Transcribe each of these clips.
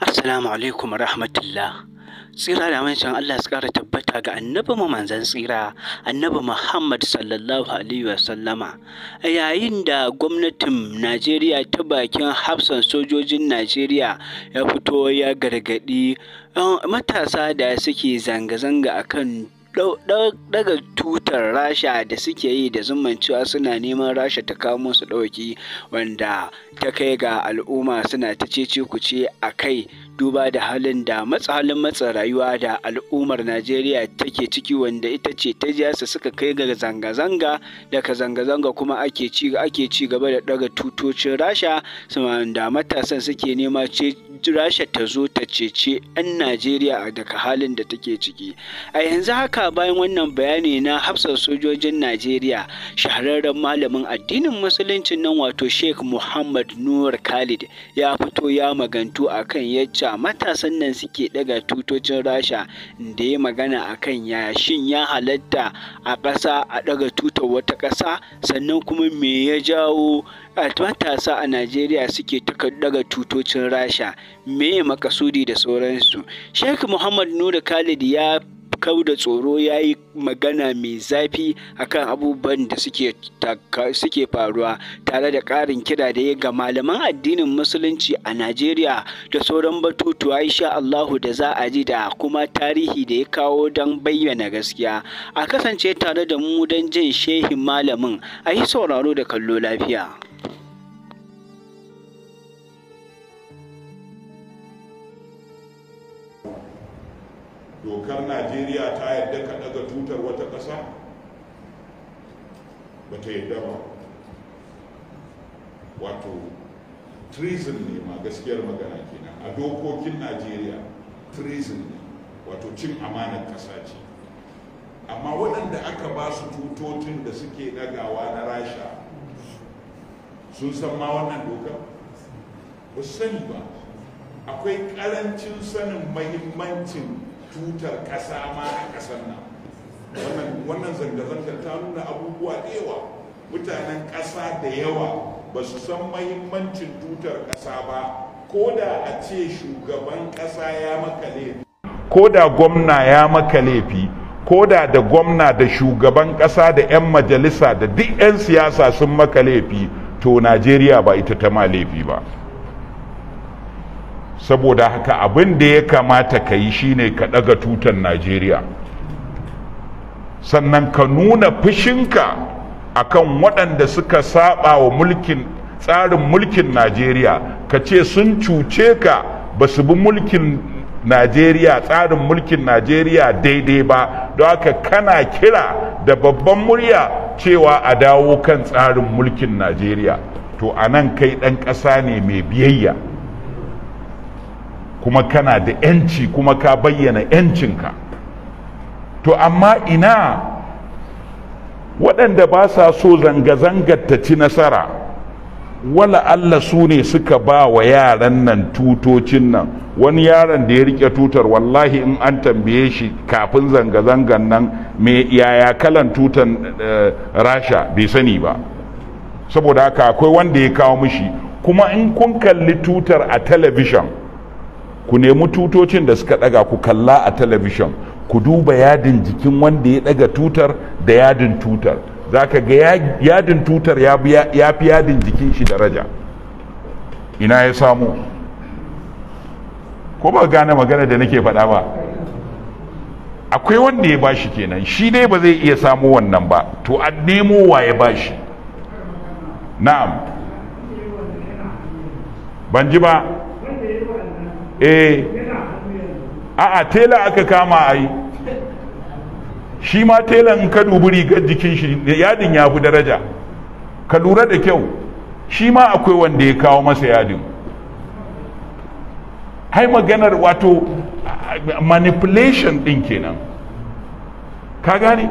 Assalamu alaikum wa rahmatullah. Tsira da amincin Allah su ƙara tabbata ga annabi mu manzan tsira, annabi Muhammad sallallahu alaihi wa A yayin da gwamnatin Najeriya ta bakin hafsan sojojin Najeriya ya fito ya gargaɗi eh, matasa da suke zanga-zanga akan daga tutar rasha da suke yi da zumman suna neman rasha ta kawo musu ɗauki wanda ta kai ga al'umma suna ta ku kuce a kai duba da halin da matsa halin matsa rayuwa da al'ummar najeriya take ciki wanda ita ce ta su suka kai ga zanga-zanga daga zanga-zanga kuma ake ci gaba da daga tutocin rasha da matasan suke nema Rasha ta zo ta cece 'yan Najeriya daga halin da take ciki. A yanzu haka bayan wannan bayani na hafsar sojojin Najeriya shahararren malamin addinin musuluncin nan wato Sheikh Muhammad Nur Khalid ya fito ya magantu akan yacca matasan nan suke daga tutocin Rasha da ya magana akan yashin ya halatta a ƙasa a daga tutar wata ƙasa sannan kuma me ya jawo matasa a Najeriya suke daga tutocin Rasha, meye makasudi da sauransu. Sheikh Muhammad Nura Khalid ya kau da tsoro ya yi magana mai zafi akan abubuwan da suke faruwa tare da ƙarin kira da ya ga malaman addinin musulunci a najeriya da sauran batutuwa insha allahu da za a ji da kuma tarihi da ya kawo don bayyana gaskiya a kasance tare da mu don jin shehin malamin a yi sauraro da kallo lafiya dokar najeriya ta yadda ka daga tutar wata ƙasa ba ta yadda ba wato treason ne ma gaskiyar magana kenan a dokokin najeriya treason ne wato cin amanar ƙasa ce amma waɗanda aka ba su tutotin da suke dagawa na rasha sun san ma wannan dokar ba sani ba akwai ƙarancin sanin mahimmancin tutar ƙasa ma a ƙasar nan wannan zanga-zangar ta nuna abubuwa da yawa mutanen ƙasa da yawa ba su san mahimmancin tutar ƙasa ba ko da a ce shugaban ƙasa ya maka laifi ko da gwamna ya maka laifi ko da da gwamna da shugaban ƙasa da 'yan majalisa da duk 'yan siyasa sun maka laifi to najeriya ba ita ta ma laifi ba saboda haka abin da ya kamata ka yi shine ka ɗaga tutan najeriya sannan ka nuna fushinka akan waɗanda suka saba wa mulkin tsarin mulkin najeriya ka ce sun cuce ka ba su bi mulkin najeriya tsarin mulkin najeriya daidai ba don haka kana kira da babban murya cewa a dawo kan tsarin mulkin najeriya to anan kai ɗan ƙasa ne mai biyayya kuma kana da yanci kuma ka bayyana yancinka to amma ina waɗanda ba sa so zanga-zangar ta ci nasara wala Allah su ne suka ba wa yaran nan tutocin nan wani yaron da ya rike tutar wallahi in an tambaye shi kafin zanga zangar nan mai yaya kalan tutan eh, rasha bai sani ba saboda haka akwai wanda ya kawo mishi kuma in kun kalli tutar a talabishin ku nemi tutocin da suka daga ku kalla a talabishin ku duba yadin jikin wanda ya daga tutar da yadin tutar za ka ga yadin tutar ya fi yadin jikin shi daraja ina ya samu ko ba gane magana da nake faɗa ba akwai wanda ya bashi kenan shi dai ba zai iya samu wannan ba to an nemo wa ya bashi na'am ban ji ba eh a'a tela aka kama yi shi ma telan in ka dubi rigar jikin shi yadin ya fi daraja ka lura da kyau shi ma akwai wanda ya kawo masa yadin hai maganar wato manipulation din kenan ka gane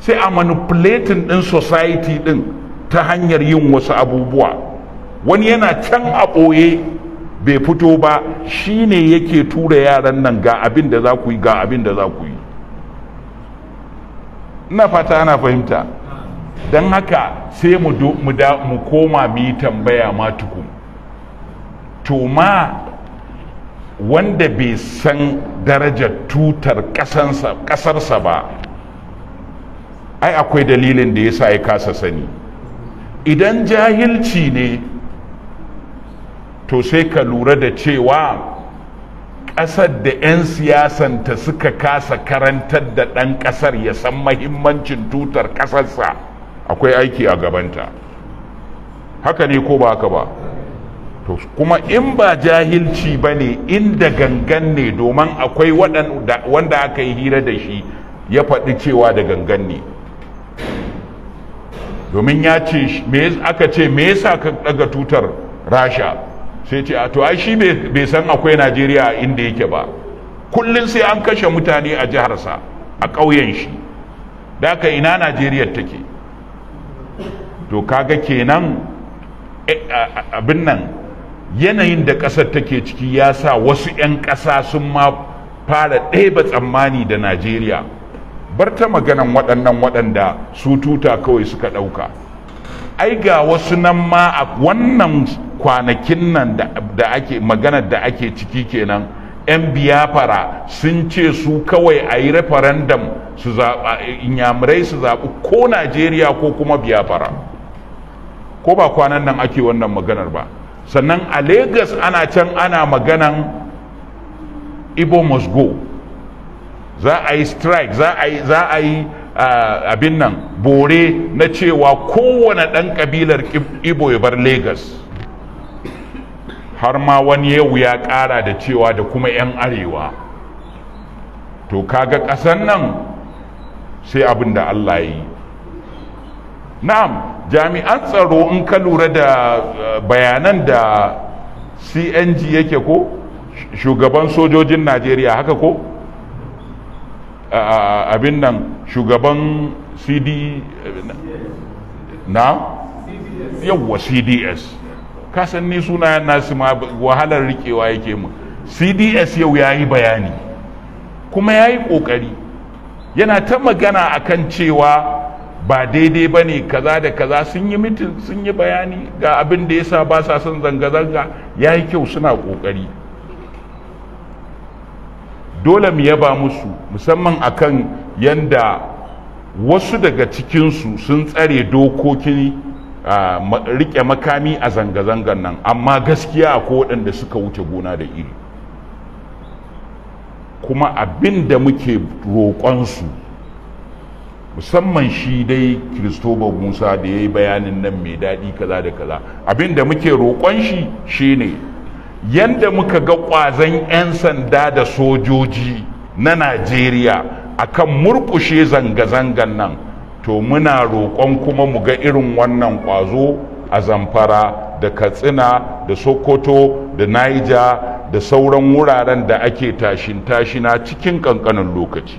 sai a manipulatin din society din ta hanyar yin wasu abubuwa wani yana can a ɓoye bai fito ba shi ne yake tura yaran nan ga abin da za ku yi ga abin da za ku yi na fata ana fahimta don haka sai mu koma mu yi tambaya ma to ma wanda bai san darajar tutar ƙasarsa ba ai akwai dalilin da ya sa ya kasa sani idan jahilci ne to sai ka lura da cewa ƙasar da 'yan siyasanta suka kasa karantar da ɗan ƙasar ya san mahimmancin tutar ƙasarsa akwai aiki a gabanta haka ne ko ba haka ba to kuma in ba jahilci ba ne inda gangan ne domin akwai wanda aka yi hira da shi ya faɗi cewa da gangan ne domin ya ce aka ce me yasa ka ɗaga tutar rasha sai ce a to ai shi bai san akwai najeriya inda yake ba kullum sai an kashe mutane a jiharsa a ƙauyen shi da ka ina najeriya take to kaga kenan eh, abin nan yanayin da ƙasar take ciki ya sa wasu 'yan ƙasa sun ma fara ɗeba tsammani da najeriya bar ta maganan waɗannan waɗanda su tuta kawai suka ɗauka ai ga wasu nan ma a wannan kwanakin nan da ake maganar da ake ciki kenan 'yan biyafara sun ce su kawai a yi referendum su inyamurai su zaɓi ko najeriya ko kuma biyafara ko ba kwanan nan ake wannan maganar ba sannan a Legas ana can ana maganan ibo must za a yi strike za a yi abin nan bore na cewa kowane ɗan ƙabilar ibo ya bar Legas. har ma wani yau ya ƙara da cewa da kuma 'yan arewa to kaga ƙasan nan sai abin da Allah yi na'am jami'an tsaro in ka lura da eh, bayanan da cng yake ko shugaban sojojin najeriya haka ko abin nan shugaban cd eh, na yawwa cds kasan ni sunayen nasu ma wahalar rikewa yake mu cds yau ya yi bayani kuma ya yi ƙoƙari yana ta magana akan cewa ba daidai ba ne kaza da kaza sun yi mitin sun yi bayani ga abin da ya sa ba sa son zanga-zanga ya yi kyau suna ƙoƙari dole mu yaba musu musamman akan yanda wasu daga cikinsu sun tsare dokokin rike makami a zanga-zangar nan amma gaskiya ko waɗanda suka wuce gona da iri kuma abin da muke roƙonsu musamman shi dai Christopher Musa da ya yi bayanin nan mai daɗi kaza da kaza abin da muke roƙon shi shine yadda muka ga ƙwazan 'yan sanda da sojoji na Najeriya akan murƙushe zanga-zangan nan to muna roƙon kuma mu ga irin wannan ƙwazo a zamfara da katsina da sokoto da naija da sauran wuraren da ake tashin tashina cikin ƙanƙanin lokaci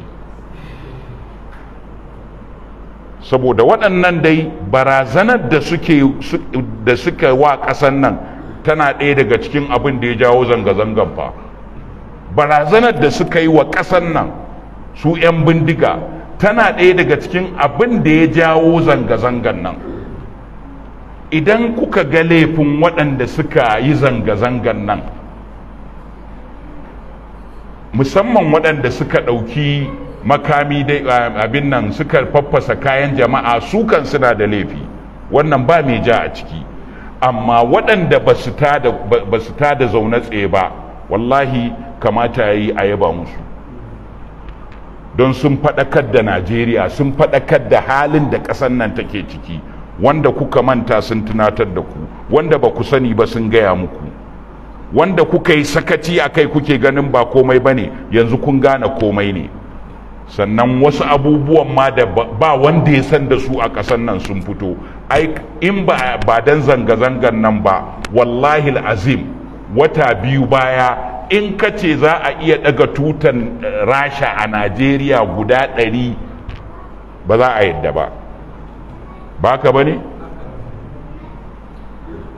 saboda waɗannan dai barazanar da suke da suka wa ƙasan nan tana ɗaya daga cikin abin da ya jawo zanga-zangan fa barazanar da suka yi wa ƙasan nan su 'yan bindiga tana ɗaya daga cikin abin da ya jawo zanga-zangan nan idan kuka ga laifin waɗanda suka yi zanga-zangan nan musamman waɗanda suka ɗauki makami da abin nan suka faffasa kayan jama'a su kan suna da laifi wannan ba mai ja a ciki amma waɗanda ba su ta da zaune tsaye ba wallahi kamata ya yi a yaba musu don sun faɗakar da najeriya sun faɗakar da halin da ƙasan nan take ciki wanda kuka manta sun tunatar da ku wanda ba ku sani ba sun gaya muku wanda kuka yi sakaci a kai kuke ganin ba komai ba ne yanzu kun gane komai ne sannan wasu abubuwan ma da ba wanda ya san da su a ƙasan nan sun fito in ba dan zanga-zangan nan ba wallahi azim wata biyu baya in ka ce za a iya daga tutan eh, rasha a najeriya guda ɗari ba za a yadda ba ba ka ba ne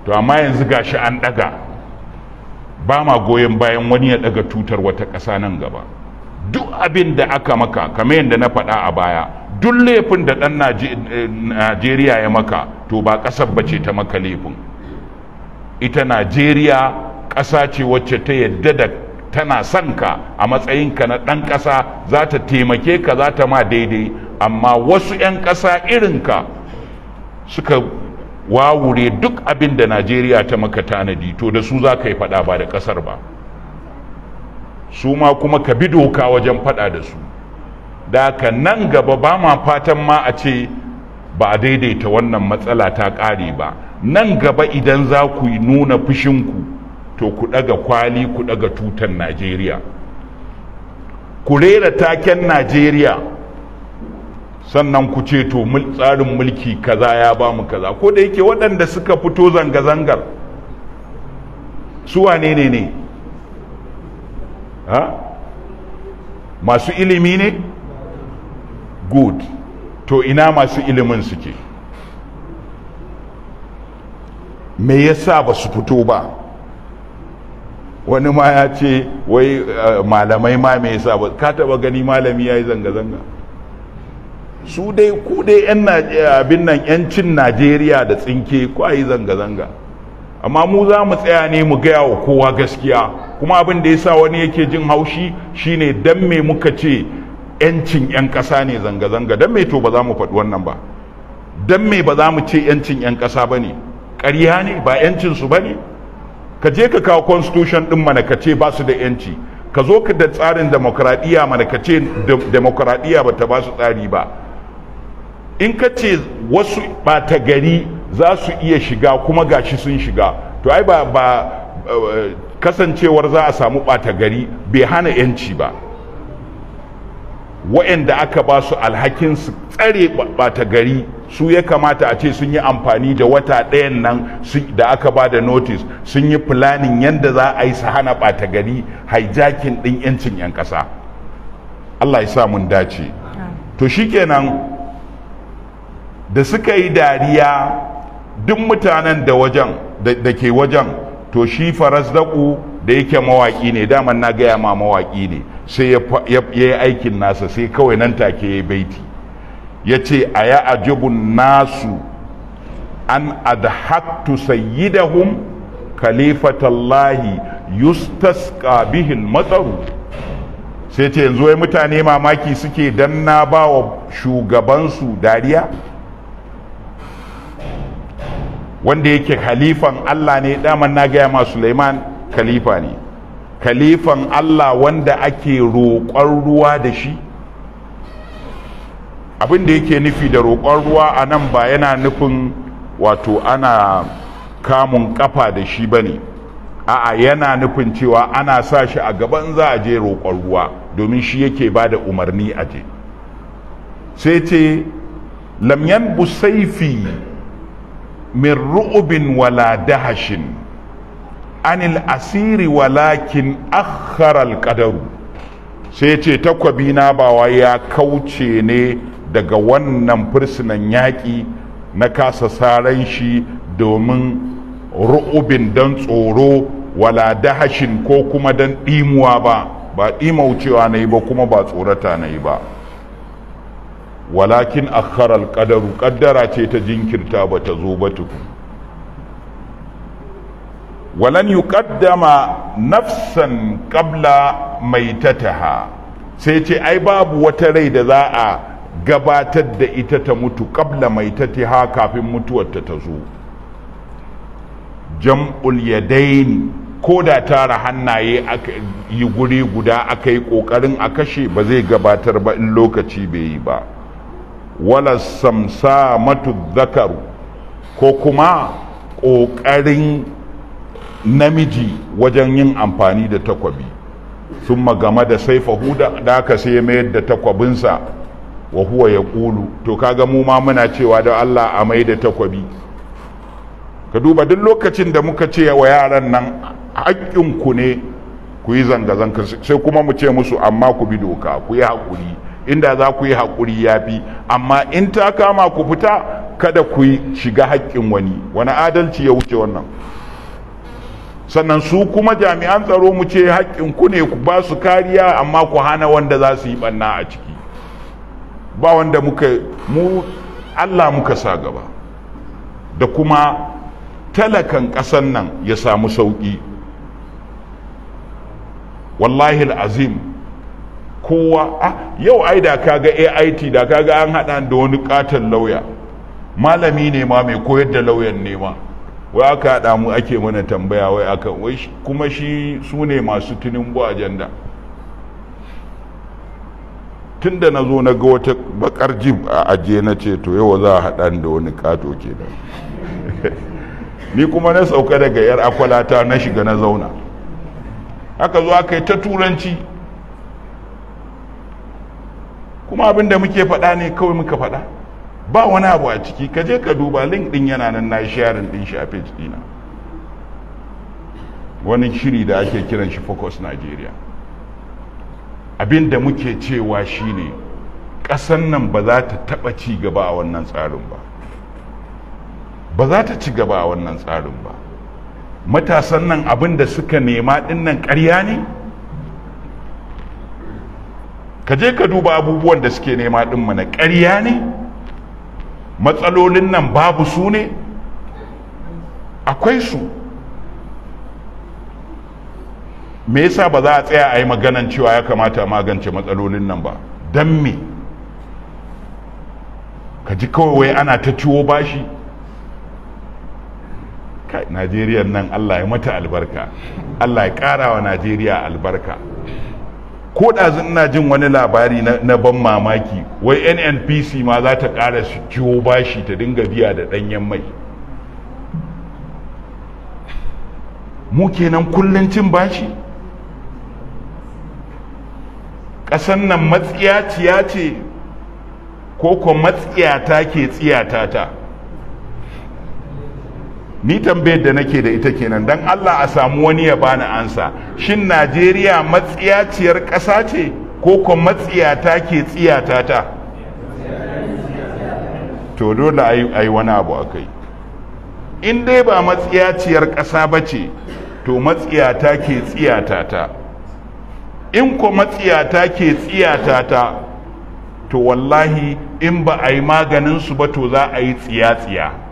to amma yanzu gashi an daga ba ma goyon bayan wani ya daga tutar wata ƙasa nan gaba duk abin da aka maka kamar yadda na faɗa a baya duk laifin da ɗan eh, najeriya ya maka to ba ƙasar ba ce ta maka laifin ita najeriya ƙasa ce wacce ta yadda da tana son ka a matsayinka na ɗan ƙasa za ta taimake ka za ta ma daidai amma wasu 'yan ƙasa irinka suka wawure duk abin da najeriya ta maka tanadi to da su za ka yi faɗa ba da ƙasar ba su ma kuma ka bi doka wajen faɗa da su da ka nan gaba ba ma fatan ma a ce ba a daidaita wannan matsala ta ƙare ba nan gaba idan za ku nuna fushinku to ku ɗaga kwali ku ɗaga tutan najeriya ku rera taken najeriya sannan ku ce to tsarin mulki kaza ya ba mu kaza ko da yake waɗanda suka fito zanga-zangar su wane ne ne ha masu ilimi ne good to ina masu ilimin suke me yasa ba su fito ba wani ma ya ce wai eh, malamai ma me yasa ba ka taba gani malami ya yi zanga-zanga su dai ku dai yan eh, abin nan yancin najeriya da tsinke ku ayi zanga-zanga amma mu za mu tsaya ne mu gaya wa kowa gaskiya kuma abin da ya sa wani yake jin haushi shine dan me muka ce yancin yan ƙasa ne zanga-zanga dan me to ba za mu faɗi wannan ba dan me ba za mu ce yancin yan ƙasa ba ne ƙarya ne ba yancin su ba ne ka je ka kawo constitution din mana ka ce ba su da yanci ka zo ka da tsarin demokradiyya mana ka ce demokradiyya ba ta ba su tsari ba in ka ce wasu ɓata gari za su iya shiga kuma ga shi sun shiga to ai ba eh, kasancewar za a samu ɓata gari bai hana yanci ba wa'anda aka ba su alhakin su tsare bata gari su ya kamata a ce sun yi amfani da wata ɗayan nan da aka ba da notis sun yi planning yadda za a yi su hana bata gari hijakin ɗin 'yancin 'yan ƙasa Allah ya sa mun dace to shikenan da suka yi dariya duk mutanen da wajen da ke wajen to shi faras da yake mawaƙi ne daman na gaya ma mawaƙi ne sai ya yi aikin nasa sai kawai nan take ya baiti ya ce a ya ajibun nasu an adhattu sayyidahum kalifatallahi yustasqa bihil matsaru sai ce yanzu wai mutane mamaki suke dan na ba wa shugabansu dariya wanda yake halifan Allah ne daman na gaya ma Sulaiman khalifa ne khalifan Allah wanda ake roƙon ruwa da shi abin da yake nufi da roƙon ruwa a nan ba yana nufin wato ana kamun kafa da shi ba ne a'a yana nufin cewa ana sa shi a gaban za a je roƙon ruwa domin shi yake ba da umarni a je sai ce lamyan busaifi min ru'ubin wala dahashin anil asiri walakin akharal kadaru sai ce takwabi na bawa ya kauce ne daga wannan fursunan yaƙi na kasa saran shi domin ru'ubin don tsoro wala dahashin ko kuma don ɗimuwa ba ba ɗimaucewa na yi ba kuma ba tsorata na yi ba walakin akharal kadaru kaddara ce ta jinkirta ba ta zo ba tukun walan yuqaddama nafsan mai maitataha sai ce ai babu wata rai da za a gabatar da ita ta mutu mai maitataha kafin mutuwarta ta zo jam'ul yadaini ko da tara hannaye yi guri guda aka yi ƙoƙarin a kashe ba zai gabatar ba in lokaci bai yi ba wala samsa matu zakaru ko kuma ƙoƙarin namiji wajen yin amfani da takwabi sun magama da saifahu da aka sai mayar da takwabinsa wa huwa ya ƙulu to kaga mu ma muna cewa da Allah a mai da takwabi ka duba duk lokacin da muka ce wa yaran nan haƙƙinku ne ku yi zanga-zanga sai kuma mu ce musu amma ku bi doka ku yi haƙuri inda za ku yi haƙuri ya fi amma in ta kama ku fita kada ku shiga haƙƙin wani wani adalci ya wuce wannan sannan su kuma jami'an tsaro mu ce haƙƙin ku ne ku ba su kariya amma ku hana wanda za su yi ɓanna a ciki ba wanda muka mu allah muka sa gaba da kuma talakan ƙasan nan ya samu sauƙi wallahi azim kowa a ah, yau ai da kaga ait da kaga an haɗa da wani ƙaton lauya malami ne ma mai koyar da lauyan ne ma wai aka haɗa mu ake mana tambaya wai aka kuma shi su ne masu tinubu ajanda tun da na zo na ga wata bakar jib a ajiye na ce to yau za a haɗa da wani kato da ni kuma na sauka daga yar akwalata na shiga na zauna aka zo aka yi ta turanci kuma abin da muke faɗa ne kawai muka faɗa ba wani abu a ciki ka je ka duba link din yana nan na sharing din shi a page dina wani shiri da ake kiran shi focus nigeria abin da muke cewa shine ƙasan nan ba za ta taɓa ci gaba a wannan tsarin ba ba za ta ci gaba a wannan tsarin ba matasan nan abin da suka nema ɗin nan ƙarya ne ka je ka duba abubuwan da suke nema ɗin mana ƙarya ne matsalolin nan babu su ne akwai su me yasa ba za a tsaya a yi maganan cewa ya kamata magance matsalolin nan ba don me ka ji kawai ana ta ciwo bashi kai najeriya nan allah ya mata albarka allah ya kara wa najeriya albarka ko ɗazu ina jin wani labari na ban mamaki wai nnpc ma za ta ƙara su ciwo bashi ta dinga biya da ɗanyen mai mu kenan kullum cin bashi ƙasan nan matsiyaciya ce ko ko matsiyata ke tsiyata ta ni tambayar da nake da ita kenan dan Allah a samu wani ya bani ansa shin Najeriya matsiyaciyar ƙasa ce ko ko matsiyata ke tsiyata ta to dole a yi wani abu a kai in dai ba matsiyaciyar ƙasa ba ce to matsiyata ke tsiyata ta in ko matsiyata ke tsiyata ta to wallahi in ba a yi maganinsu ba to za a yi tsiya-tsiya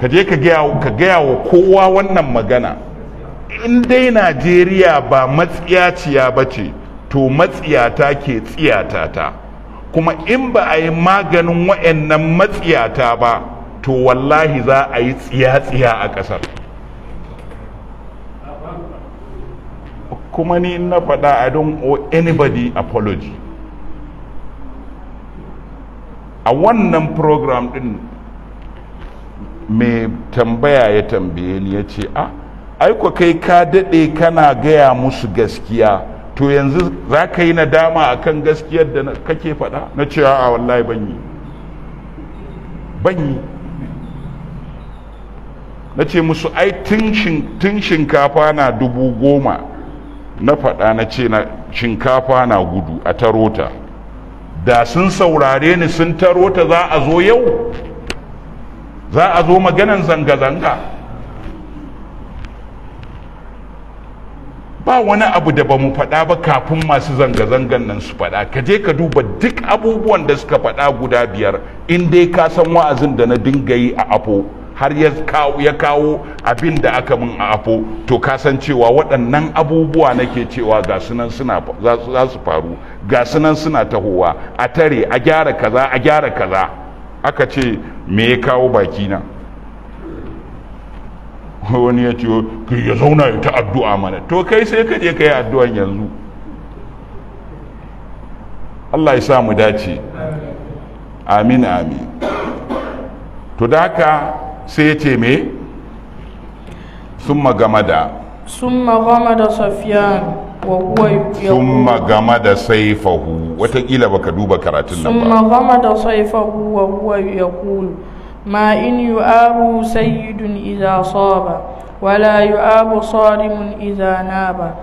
ka je ka gaya wa kowa wannan magana in dai najeriya ba matsiyaciya ba ce to matsiyata ke tsiyata ta kuma in ba a yi maganin wa'annan matsiyata ba to wallahi za a yi tsiya-tsiya a ƙasar kuma ni na faɗa i don't owe anybody apology a wannan program din mai tambaya ya tambaye ni ya ce a ah, aiko kai ka daɗe kana gaya musu gaskiya to yanzu za ka yi nadama a kan gaskiyar da kake faɗa na cewa a wallahi banyi banyi na ce musu ai tun shinkafa na dubu goma na faɗa na ce na shinkafa na gudu a tarota da sun saurare ni sun tarota za a zo yau za a zo maganan zanga-zanga ba wani abu da ba mu faɗa ba kafin masu zanga-zangan nan su faɗa ka je ka duba duk abubuwan da suka faɗa guda biyar in dai ka san wa'azin da na dinga yi a afo har ya kawo abin da aka min a afo to ka san cewa waɗannan abubuwa nake cewa ga suna za su faru ga suna tahowa a tare a gyara kaza a gyara kaza aka ce me ya kawo baki na wani ya ce ki ya zauna ya ta addu'a mana to kai sai ka je ka yi addu'an yanzu Allah ya sa mu dace amin amin to da haka sai ya ce me sun magama da sun magama da safiyan summa gama da saifahu watakila baka duba karatun nan ba summa gama da saifahu wa huwa yaqulu ma in yu'abu sayyidun idza saba wala yu'abu sarimun idza naba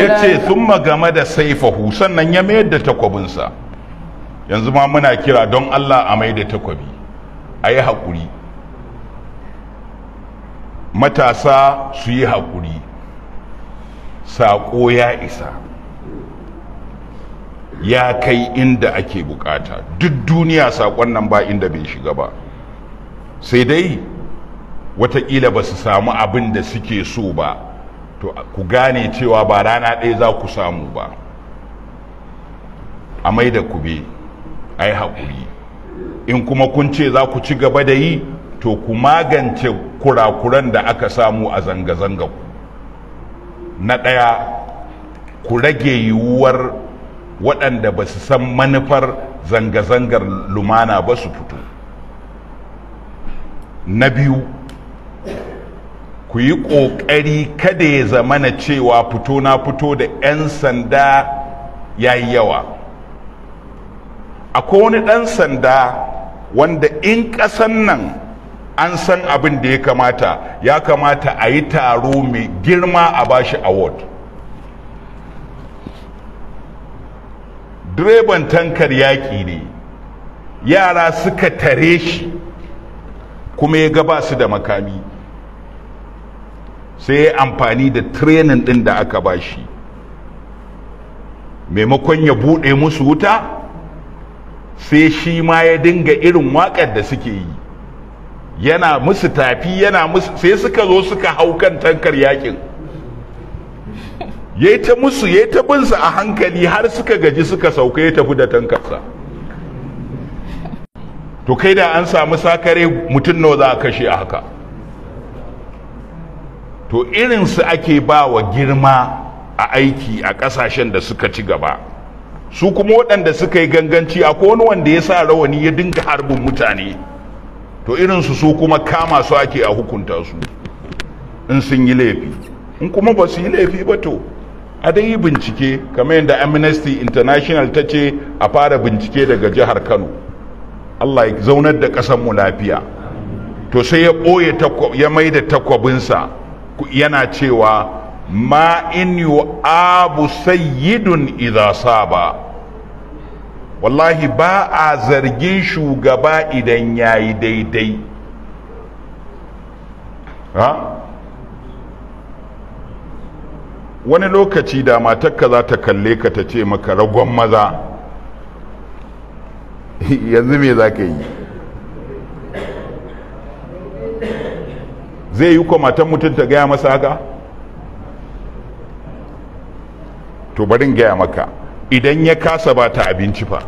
yace summa gama da saifahu sannan ya mayar da takwabinsa yanzu ma muna kira don Allah a mai da takwabi a yi matasa su yi hakuri. saƙo ya isa ya kai inda ake bukata duk duniya saƙon nan ba inda bai shiga ba sai dai watakila ba su samu abin da suke so ba to ku gane cewa ba rana ɗaya za ku samu ba a mai da kube a yi haƙuri in kuma kun ce za ku ci gaba da yi to ku magance kurakuran da aka samu a zanga-zanga ku na ɗaya ku rage yiwuwar waɗanda ba su san manufar zanga-zangar lumana ba su fito na biyu ku yi ƙoƙari kada ya zamana cewa fito na fito da 'yan sanda ya yi yawa akwai wani ɗan sanda wanda in ƙasan nan an san abin da ya kamata ya kamata a yi taro mai girma a bashi award direban tankar yaƙi ne yara suka tare shi kuma ya gaba su da makami sai ya amfani da training ɗin da aka bashi maimakon ya buɗe musu wuta sai shi ma ya dinga irin waƙar da suke yi yana musu tafi yana musu sai suka zo suka hau kan tankar yakin ya ta musu ya ta binsa a hankali har suka gaji suka sauka ya tafi da tankarsa to kai da an samu sakare mutum nawa za a kashe a haka to irinsu ake ba wa girma a aiki a kasashen da suka ci gaba su kuma waɗanda suka yi ganganci akwai wani wanda ya sa rawani ya dinga harbin mutane to irin su kuma kama su ake a hukunta su in sun yi laifi in kuma ba su yi laifi ba to a dai bincike kamar yadda amnesty international ta ce a fara bincike daga jihar kano allah ya zaunar da mu lafiya to sai ya ɓoye ya mai da takwabinsa yana cewa ma in yu abu sayyidun idasa ba. wallahi ba a zargin shugaba idan ya yi daidai ha wani lokaci da matakka za ta kalle ka ta ce maka ragon maza yanzu me za ka yi zai yi matan mutum ta gaya masa haka to barin gaya maka idan ya kasa ba ta abinci fa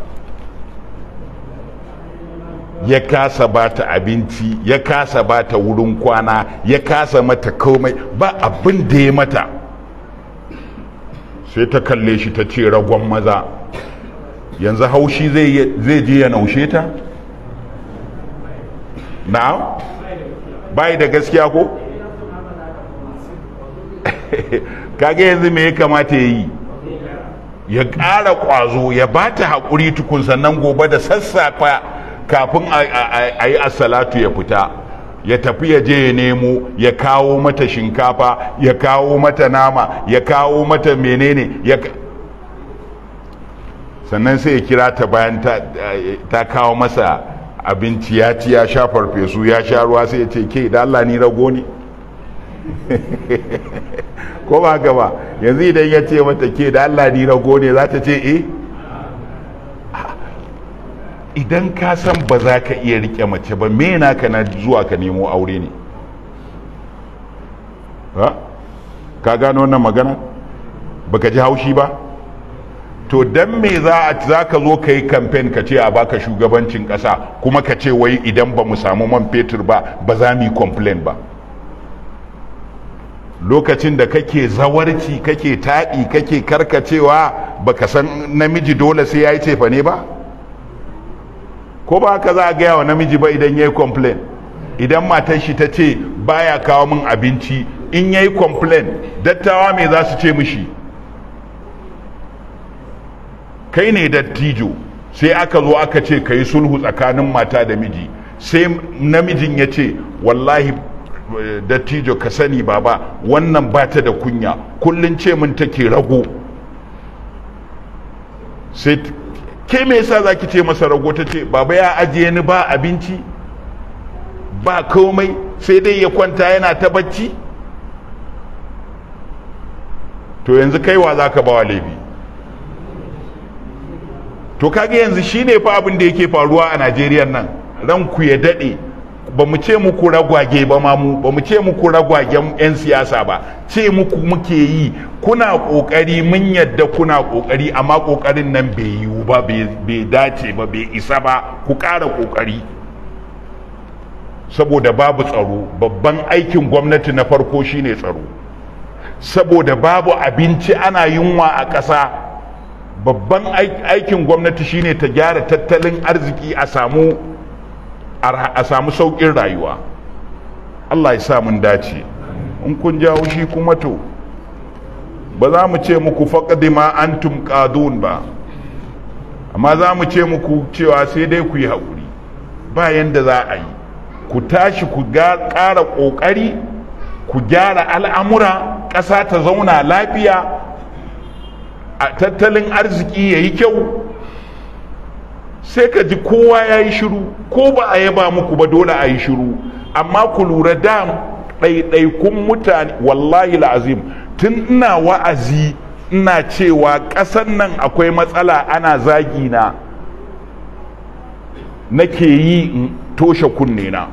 ya kasa ba ta abinci ya kasa ba ta wurin kwana ya kasa mata komai ba abin da ya mata sai ta kalle shi ta ce ragon maza yanzu haushi zai je ya naushe ta na bai da gaskiya ko kage yanzu me ya kamata ya yi ya ƙara ƙwazo ya ba ta haƙuri tukun sannan gobe da sassafa kafin a yi asalatu ya fita ya tafi ya je ya nemo ya kawo mata shinkafa ya kawo mata nama ya kawo mata menene ya sannan sai ya kira ta bayan ta kawo masa abinci ya ci ya sha farfesu ya sha ruwa sai ya ce ke da Allah ni rago ne ko ba gaba yanzu idan ya ce mata ke da Allah ni rago ne za ta ce e idan ka san ba za ka iya rike mace ba me na ka na zuwa ka nemo aure ne ka gano wannan magana ba ka ji haushi ba to dan me za za ka zo ka yi kamfen ka ce a baka shugabancin kasa kuma ka ce wai idan ba mu samu man fetur ba ba za mu yi complain ba lokacin da kake zawarci kake taɗi kake karkacewa baka san namiji dole sai ya yi cefa ne ba ko ba ka za a gaya wa namiji ba idan ya yi complain idan matar shi ta ce baya kawo min abinci in ya yi complain dattawa mai za su ce mishi kai ne dattijo sai aka zo aka ce ka yi sulhu tsakanin mata da miji sai namijin ya ce wallahi dattijo ka sani baba wannan ba ta da kunya kullum ce min take rago sai ke me yasa zaki ce masa rago ta ce baba ya ajiye ni ba abinci ba komai sai dai ya kwanta yana ta bacci to yanzu kaiwa za ka ba wa laifi to kaga yanzu shine fa abin da yake faruwa a najeriya nan ranku ya daɗe ba mu ce muku ragwage ba ma mu ba mu ce muku ragwagen 'yan siyasa ba ce muku muke yi kuna kokari mun yadda kuna kokari amma kokarin nan bai yiwu ba bai dace ba bai isa ba ku ƙara kokari saboda babu tsaro babban aikin gwamnati na farko shine tsaro saboda babu abinci ana yunwa a ƙasa babban aikin gwamnati shine ta gyara tattalin arziki a samu a samu sauƙin rayuwa Allah ya sa mun dace in kun jawo shi kuma to ba za mu ce muku faƙaɗi ma antum ƙadun ba amma za mu ce muku cewa sai dai ku yi haƙuri ba yanda za a yi ku tashi ku ƙara ƙoƙari ku gyara al'amura ƙasa ta zauna lafiya a tattalin arziki ya yi kyau sai ka ji kowa ya yi shiru ko ba a yaba muku ba dole a yi shiru amma ku lura da ɗaiɗaikun mutane wallahi la'azim tun ina wa'azi ina cewa ƙasan nan akwai matsala ana zagi na nake yi in toshe kunne na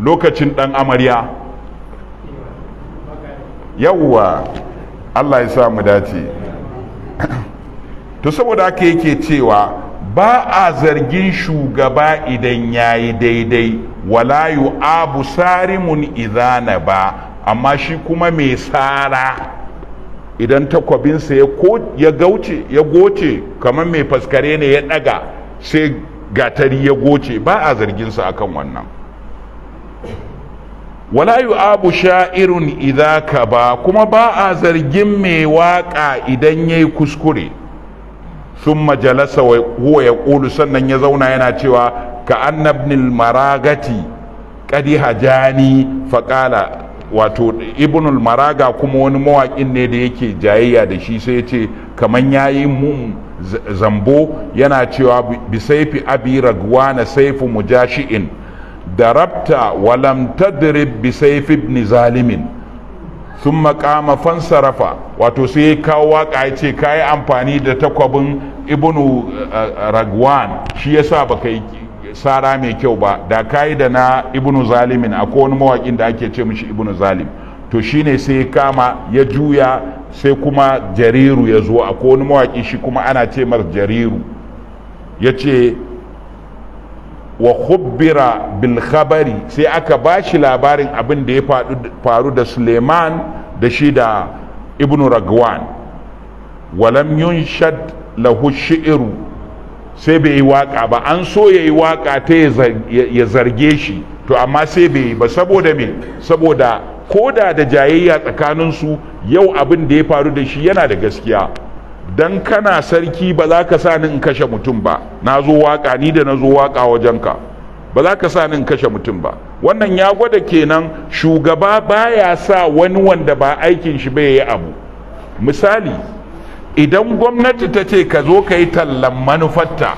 lokacin ɗan amarya yawwa allah ya sa mu dace to saboda haka yake cewa ba a zargin shugaba idan ya yi daidai walayu abu sarimun izana ba amma shi kuma mai tsara idan takwabinsa ya gauce ya goce kamar mai faskare ne ya daga sai gatari ya goce ba a zarginsa akan wannan Walayu yu abu sha'irun idaka ba kuma ba a zargin mai waka idan ya yi kuskure Sun majalasa wa huwa yaqulu sannan ya zauna yana cewa ka annabnil maragati qad hajani faƙala. wato ibnul maraga kuma wani mawaƙin ne da yake jayayya da shi sai ce kaman yayi mun zambo yana cewa bisaifi abi raguwa na saifu mujashi'in darabta walam tadrib bisaifi ibn zalimin sun makama fansarafa wato sai ya kawo waka ya ce ka yi amfani da takwabin ibnu eh, eh, ragwan shi ya sa ba kai sara mai kyau ba da ka yi da na ibnu zalimin akwai wani mawaƙin da ake ce mishi ibnu zalim to shi ne sai ya kama ya juya sai kuma jariru ya zo akwai wani mawaƙi shi kuma ana ce mar jariru ya ce wa khubbira bil khabari sai aka ba shi labarin abin da ya faru da Suleiman da shi da Ibn Ragwan walam yunshad lahu shi'ru sai bai yi waka ba an so ya yi waka ta ya zarge shi to amma sai bai yi ba saboda me saboda koda da jayayya tsakaninsu yau abin da ya faru da shi yana da gaskiya dan kana sarki ba za ka sa ni in kashe mutum ba na zo waka ni da na zo waka wajenka ba za ka sa ni in kashe mutum ba wannan ya gwada kenan shugaba baya sa wani wanda ba aikin shi bai yi abu misali idan gwamnati ta ce ka zo ka yi tallan manufarta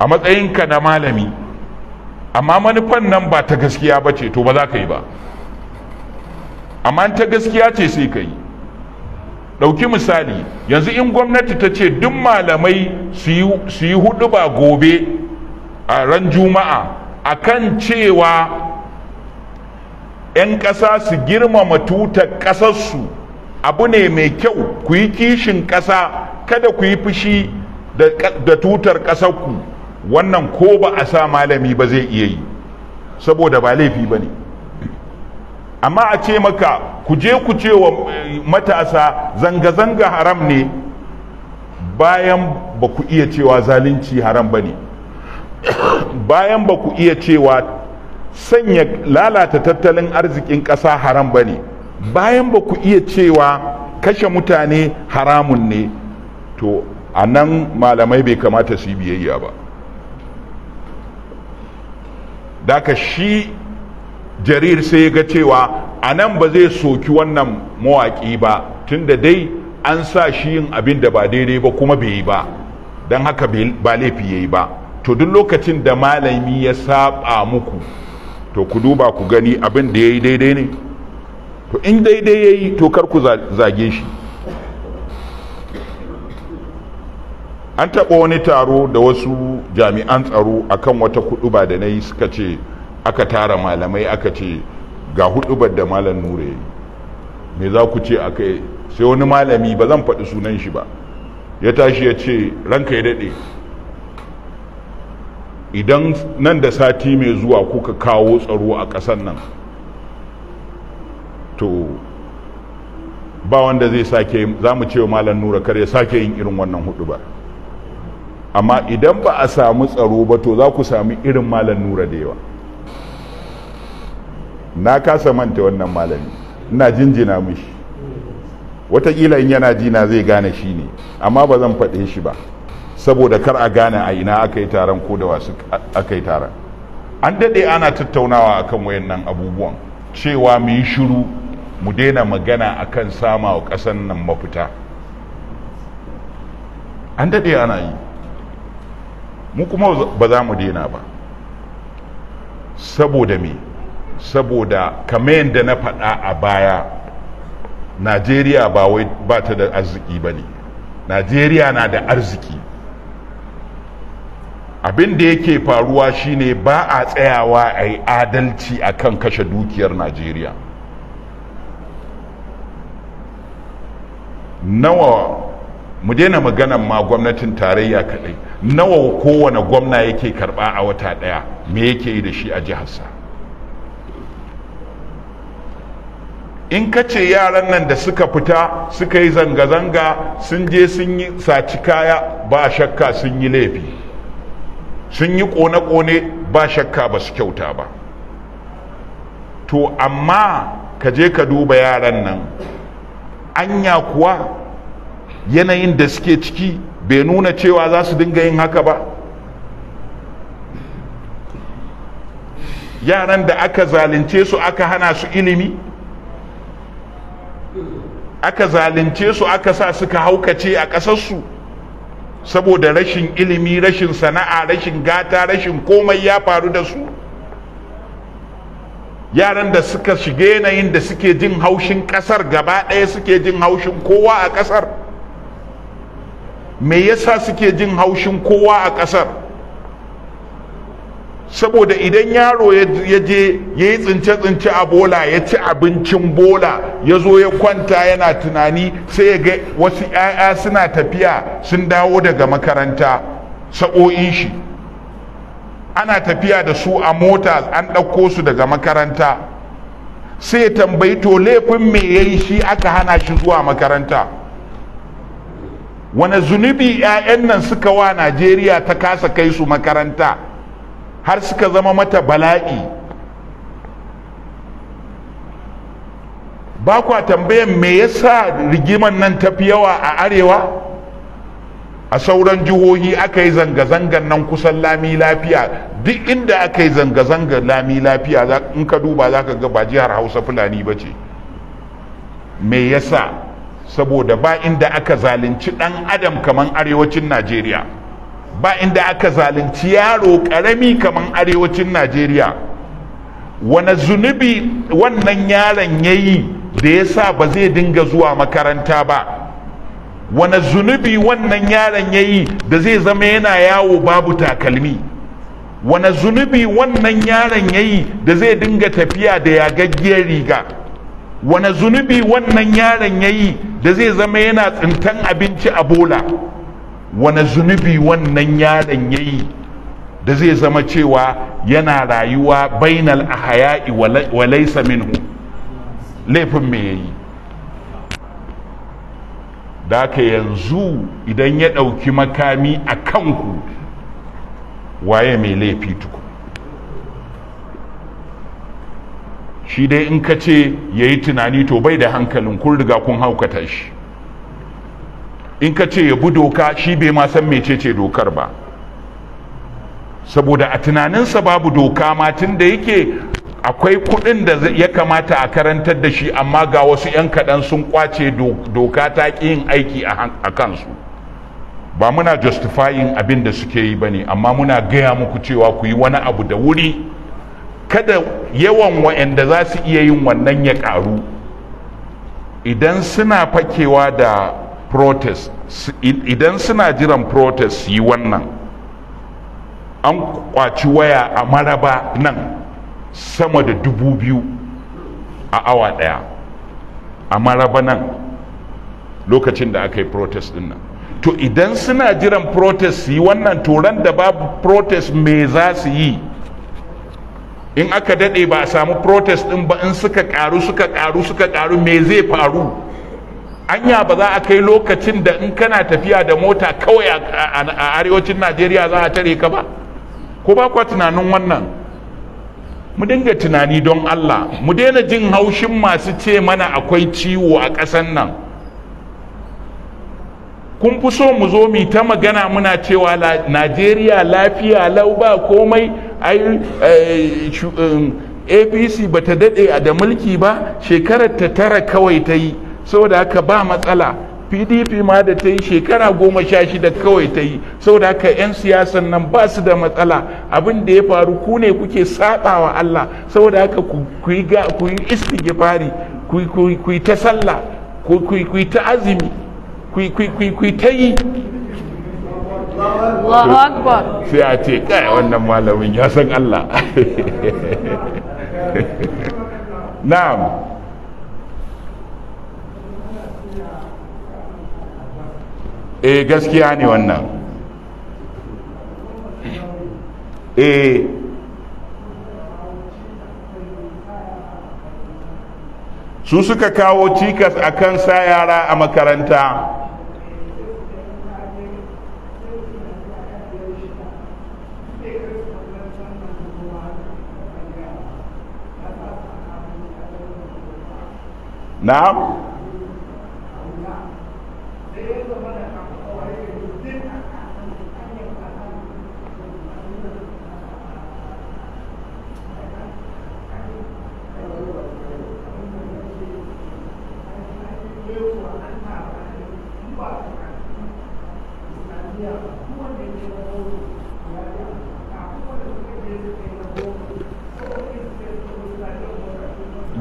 a matsayinka na malami amma manufan nan ba ta gaskiya ba ce to ba za ka yi ba amma ta gaskiya ce sai ka yi ɗauki misali yanzu in gwamnati ta ce duk malamai su yi hudu ba gobe a ran juma'a a kan cewa 'yan ƙasa su girmama tutar ƙasarsu abu ne mai kyau ku yi kishin ƙasa kada ku yi fushi da tutar ƙasarku wannan ko ba a sa malami ba zai iya yi saboda ba laifi ba ne amma a ce maka ku je ku ce wa matasa zanga-zanga haram ne bayan ba ku iya cewa zalunci haram ba ne bayan ba ku iya cewa sanya lalata tattalin arzikin ƙasa haram ba ne bayan ba ku iya cewa kashe mutane haramun ne to a nan malamai bai kamata su yi biyayya ba ka shi jarir sai ga cewa a nan ba zai soki wannan mawaƙi ba tunda dai an sa shi yin abin da ba daidai ba kuma bai yi ba don haka ba laifi ya yi ba to duk lokacin da malami ya saba muku to ku duba ku gani abin da ya yi daidai ne to in daidai ya yi to kar ku zage shi an taɓa wani taro da wasu jami'an tsaro akan wata kuɗuba da na yi suka ce aka tara malamai aka ce ga hudubar da malam nura yi me za ku ce aka yi sai wani malami ba zan faɗi sunan shi ba ya tashi ya ce ranka ya daɗe idan nan da sati mai zuwa kuka kawo tsaro a ƙasar nan to ba wanda zai sake za mu ce wa malam nura kar ya sake yin irin wannan hudu ba amma idan ba a samu tsaro ba to za ku sami irin malam nura da yawa na kasa manta wannan malami ina jinjina mishi watakila in yana jina zai gane shi ne amma ba zan faɗe shi ba saboda kar a gane a ina aka yi taron ko da wasu aka yi taron an daɗe ana tattaunawa akan wayannan abubuwan cewa mu yi shiru mu daina magana akan sama wa ƙasan nan mafita an daɗe ana yi mu kuma ba za mu daina ba saboda me saboda kamar yadda na faɗa a baya najeriya ba wai ba ta da arziki ba ne najeriya na da arziki abin da yake faruwa shine ba a tsayawa a yi adalci a kan kashe dukiyar najeriya nawa mu daina maganan ma gwamnatin tarayya kaɗai nawa kowane gwamna yake karɓa a wata ɗaya me yake yi da shi a sa? in ka ce yaran nan da suka fita suka yi zanga-zanga sun je sun yi saci kaya ba shakka sun yi laifi sun yi kone-kone ba shakka ba su kyauta ba to amma ka je ka duba yaran nan anya kuwa yanayin da suke ciki bai nuna cewa za su dinga yin haka ba yaran da aka zalunce su aka hana su ilimi aka zalunce su aka sa suka haukace a ƙasarsu saboda rashin ilimi rashin sana'a rashin gata rashin komai ya faru da su yaran da suka shiga yanayin da suke jin haushin ƙasar gaba ɗaya suke jin haushin kowa a ƙasar me yasa suke jin haushin kowa a ƙasar saboda idan yaro ya je ya yi tsince-tsince a bola ya ci abincin bola ya zo ya kwanta yana tunani sai ya ga wasu 'ya'ya suna tafiya sun dawo daga makaranta sa'o'in shi ana tafiya da su a mota an ɗauko su daga makaranta sai ya tambayi to laifin me ya yi shi aka hana shi zuwa makaranta wane zunubi 'ya'yan nan suka wa najeriya ta kasa kai su makaranta har suka zama mata bala'i ba kwa tambayan me yasa rigiman nan tafi yawa a arewa a sauran jihohi aka yi zanga-zangan nan kusan lami lafiya duk inda aka yi zanga zangar lami lafiya in ka duba za ka ga ba jihar hausa fulani ba ce me yasa saboda ba inda aka zalunci dan adam kamar arewacin najeriya ba inda aka zalunci yaro karami kamar arewacin najeriya wani zunubi wannan yaron ya yi da ya sa ba zai dinga zuwa makaranta ba wani zunubi wannan yaron ya yi da zai zama yana yawo babu takalmi wani zunubi wannan yaron ya yi da zai dinga tafiya da yagaggiyar riga wani zunubi wannan yaron ya yi da zai zama yana tsintan abinci a bola wani zunubi wannan yaron ya yi da zai zama cewa yana rayuwa bainal a wa laysa minhu laifin me yi da aka yanzu idan ya ɗauki makami a kanku waye mai laifi tuku shi dai in ka ce ya yi tunani to bai da hankalin kun riga kun haukata shi in ka ce ya bi doka shi bai ma san mecece dokar ba saboda a tunaninsa babu doka ma tun da yake akwai kuɗin da ya kamata a karantar da shi amma ga wasu 'yan kaɗan sun kwace doka ta ƙi yin aiki a kansu ba muna justifying abin da suke yi ba ne amma muna gaya muku cewa ku yi wani abu da wuri kada yawan wa'anda za su iya yin wannan ya ƙaru idan suna fakewa da protest idan suna jiran protest yi wannan an kwaci waya a maraba nan sama da dubu biyu a awa daya a maraba nan lokacin da aka yi protest din nan to idan suna jiran protest yi wannan turan da babu protest me za su yi in aka dade ba a samu protest din ba in suka karu suka karu suka karu me zai faru anya ba za a kai lokacin da in kana tafiya da mota kawai a arewacin najeriya za a tare ka ba ko ba kwa tunanin wannan mu dinga tunani don allah mu daina jin haushin masu ce mana akwai ciwo a ƙasan nan kun fi so mu zo mu ta magana muna cewa najeriya lafiya lau ba komai ai eh, eh, apc ba ta daɗe da mulki ba shekarar ta tara kawai ta yi saboda haka ba matsala pdp ma da ta yi shekara goma sha shida kawai ta yi saboda haka 'yan siyasan nan ba su da matsala abin da ya faru ku ne kuke saɓawa allah saboda haka ku yi istighfari ku yi ta sallah ku yi ta azumi ku yi ta yi sai a ce kai wannan malamin ya san allah na'am eh gaskiya ne wannan eh su suka kawo cikas a kan sa yara a makaranta na'am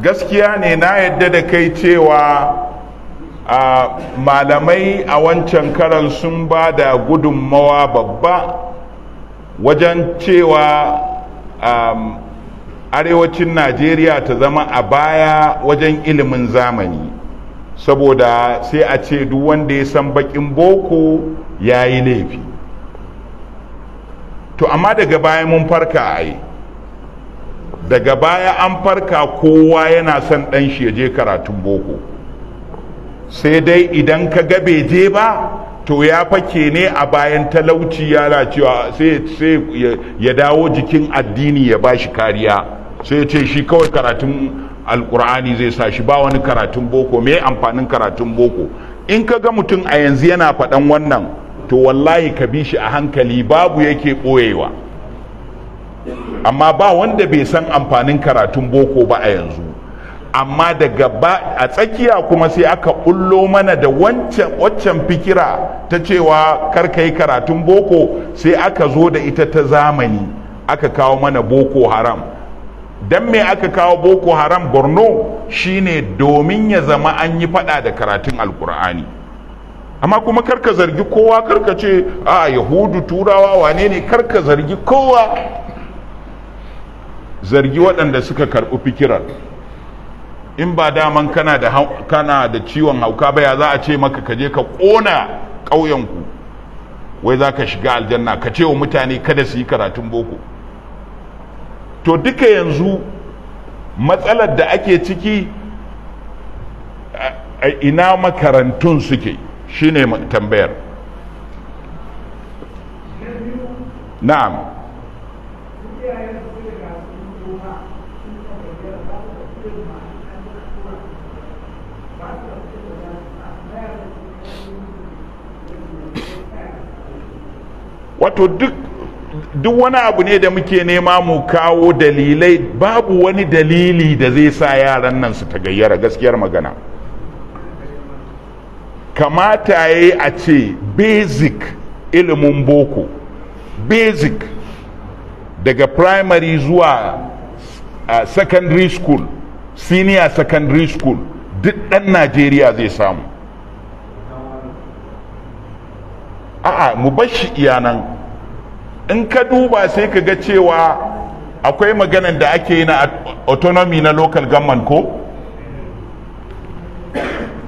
gaskiya ne na yadda da kai cewa a malamai a wancan karan sun ba da gudunmawa babba wajen cewa arewacin najeriya ta zama a baya wajen ilimin zamani saboda sai a ce duk wanda ya san bakin boko ya yi laifi to amma daga baya mun farka a yi daga baya an farka kowa yana son ɗan shi ya je karatun boko sai dai idan ka ga bai je ba to ya fake ne a bayan talauci yana cewa sai ya dawo jikin addini ya bashi kariya sai ya ce shi kawai karatun alkur'ani zai sa shi ba wani karatun boko me amfanin karatun boko in ka ga mutum a yanzu yana faɗan wannan to wallahi ka bi shi a hankali babu yake ɓoyewa amma ba wanda bai san amfanin karatun boko ba a yanzu amma daga ba a tsakiya kuma sai aka ullo mana da waccan fikira ta cewa karka yi karatun boko sai aka zo da ita ta zamani aka kawo mana boko haram don me aka kawo boko haram borno shine domin ya zama an yi fada da karatun alkur'ani amma kuma karka zargi kowa karka ce a yahudu turawa wane ne karka zargi kowa zargi waɗanda suka karɓi fikirar in ba daman kana da kana da ciwon hauka ba ya za a ce maka ka je ka ƙona ƙauyenku wai za ka shiga aljanna ka ce wa mutane kada su yi karatun boko to duka yanzu matsalar da ake ciki a ina makarantun suke shine tambayar na'am wato duk duk wani abu ne da muke nema mu kawo dalilai babu wani dalili da zai sa yaran nan su tagayyara gaskiyar magana kamata ya yi a ce basic ilimin boko basic daga primary zuwa uh, secondary school senior secondary school duk ɗan najeriya zai samu a'a mu bashi iyanan in ka duba sai ka ga cewa akwai maganan da ake yi na autonomy na local government ko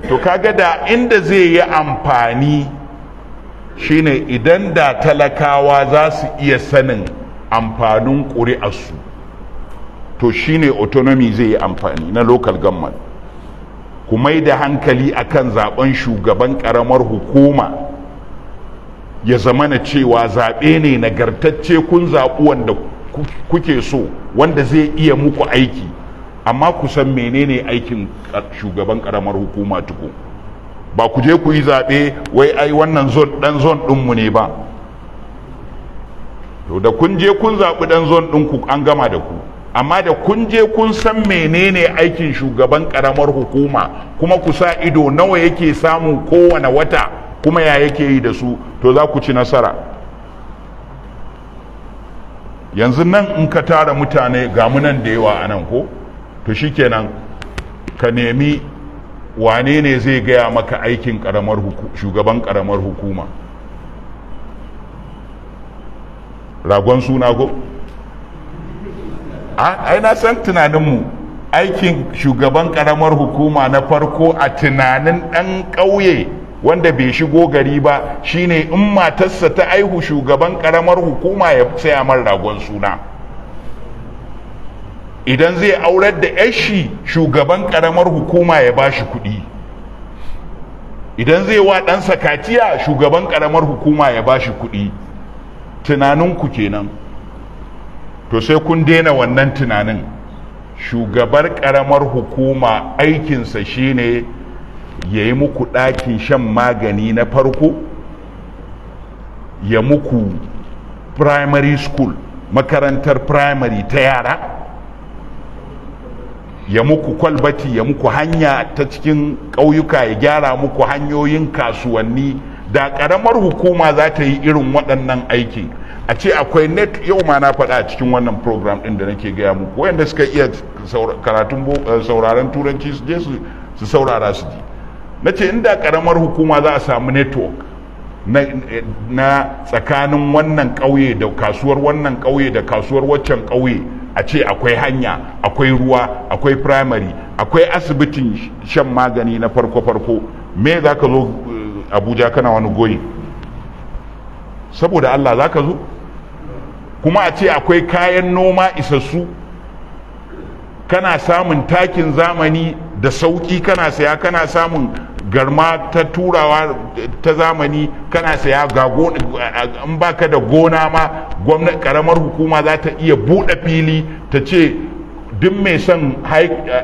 to kaga da inda zai yi amfani shine idan da talakawa za su iya sanin amfanin ƙuri'arsu to shine autonomy zai yi amfani na local government ku mai da hankali akan zaben shugaban ƙaramar hukuma ya zama na cewa zaɓe ne nagartacce kun zaɓu wanda kuke so wanda zai iya muku aiki amma ku san menene aikin shugaban ƙaramar hukuma tuku ba ku je ku yi zaɓe wai ai wannan zon ɗan zon ɗinmu ne ba to da kun je kun zaɓi ɗan zon ɗinku an gama da ku amma da kun je kun san menene aikin shugaban karamar hukuma kuma ku sa ido nawa yake samu kowane wata kuma ya yake yi da su to za ku ci nasara yanzu nan in ka tara mutane ga munan da yawa a nan ko to shikenan ka nemi wane ne zai gaya maka aikin shugaban karamar hukuma ragon suna ko na san tunaninmu aikin shugaban karamar hukuma na farko a tunanin ɗan ƙauye wanda bai shigo gari ba shine in matarsa ta aihu shugaban karamar hukuma ya saya mar ragon suna idan zai aurar da yashi shugaban karamar hukuma ya ba shi kuɗi idan zai wa ɗansa katiya shugaban karamar hukuma ya ba shi kuɗi tunaninku kenan to sai kun daina wannan tunanin shugabar karamar hukuma aikinsa shine ne ya yi muku ɗakin shan magani na farko ya muku primary school makarantar primary ta yara ya muku kwalbati ya muku hanya ta cikin ƙauyuka ya gyara muku hanyoyin kasuwanni da ƙaramar hukuma za ta yi irin waɗannan aiki a ce akwai net yau ma na faɗa a cikin wannan program ɗin da nake gaya muku wanda suka iya karatun sauraren turanci su je su saurara su ji na ce inda karamar hukuma za a samu network na tsakanin wannan ƙauye da kasuwar wannan ƙauye da kasuwar waccan ƙauye a ce akwai hanya akwai ruwa akwai primary akwai asibitin shan magani na farko-farko me za ka zo eh, abuja kana wani goyi saboda allah za ka zo kuma a ce akwai kayan noma isassu kana samun takin zamani da sauki kana saya kana samun garma ta turawa ta zamani kana saya ga in baka da gona ma gwamnati karamar hukuma za ta iya buɗe fili ta ce duk mai son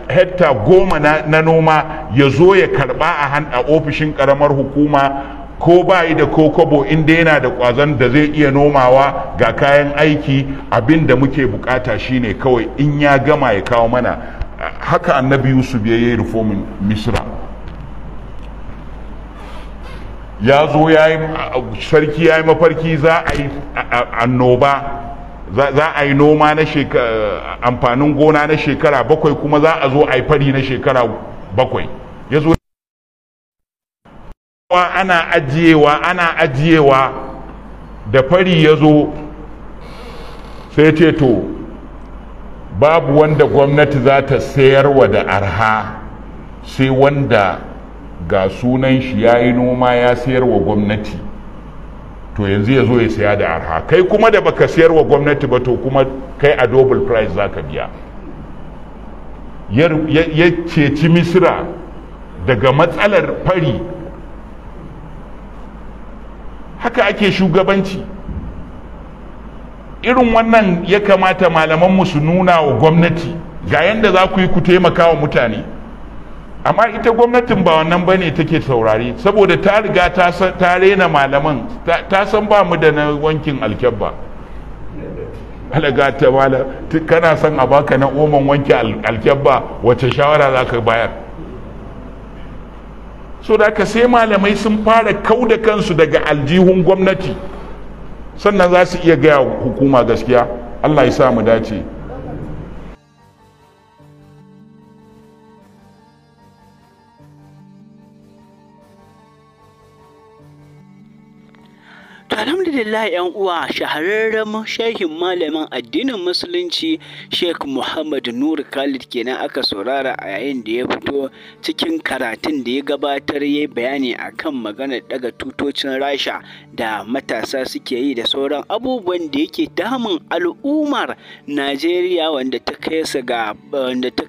hekta goma na noma ya zo ya karba a ofishin karamar hukuma ko bayi da ko kobo inda yana da kwazon da zai iya nomawa ga kayan aiki abin da muke bukata shine kawai in ya gama ya kawo mana haka annabi yusuf ya yi reformin misra ya zo ya yi sarki ya yi mafarki za a yi annoba za a yi noma na amfanin gona na shekara bakwai kuma za a zo a yi fari na shekara bakwai ya zo ana ajiyewa ana ajiyewa da fari ya zo sai ce to babu wanda gwamnati za ta sayarwa da arha sai wanda ga sunan shi ya yi noma ya sayar wa gwamnati to yanzu ya zo ya saya da arha kai kuma da baka sayar wa gwamnati ba to kuma kai a double price za ka biya ya ceci misira daga matsalar fari haka ake shugabanci irin wannan ya kamata malamanmu su nuna wa gwamnati ga yadda za ku yi ku taimaka wa mutane amma ita gwamnatin ba wannan bane take saurari saboda ta riga ta rena malaman ta san ba mu da na wankin alkyabba alagata ta mala kana son a baka na oman wanke alkyabba wace shawara za ka bayar so da ka sai malamai sun fara kau da kansu daga aljihun gwamnati sannan za su iya gaya hukuma gaskiya allah ya sa mu dace Alhamdulillah ‘yan uwa shahararren shehin malamin addinin musulunci Sheikh Muhammad Nur Khalid kenan aka saurara a yayin da ya fito cikin karatun da ya gabatar ya bayani akan magana daga tutocin Rasha da matasa suke yi da sauran abubuwan da yake damun al'ummar Najeriya wanda ta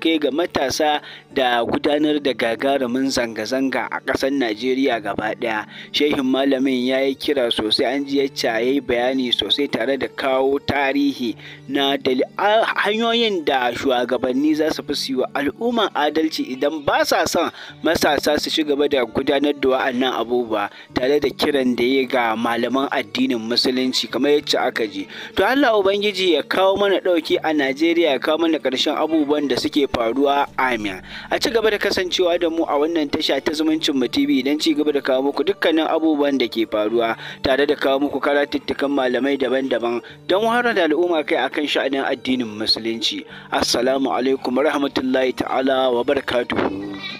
kai ga matasa da gudanar da gagarumin zanga-zanga a ƙasar Najeriya gaba ɗaya. Shehin malamin ya yi kira sosai an ji yacca ya yi bayani sosai tare da kawo tarihi na hanyoyin da shugabanni za su fi su wa al'umma adalci idan ba sa son matasa su ci gaba da gudanar da wa'annan abubuwa tare da kiran da ya ga malaman addinin musulunci kamar yadda aka ji. To Allah Ubangiji ya kawo mana ɗauki a Najeriya ya kawo mana ƙarshen abubuwan da suke faruwa. Amin. a ci gaba da kasancewa da mu a wannan tasha ta zumuncin mu TV don ci gaba da kawo muku dukkanin abubuwan da ke faruwa tare da kawo muku karatuttukan malamai daban-daban don wahalar da al'umma kai akan sha'anin addinin musulunci assalamu alaikum rahmatullahi ta'ala wa barakatuhu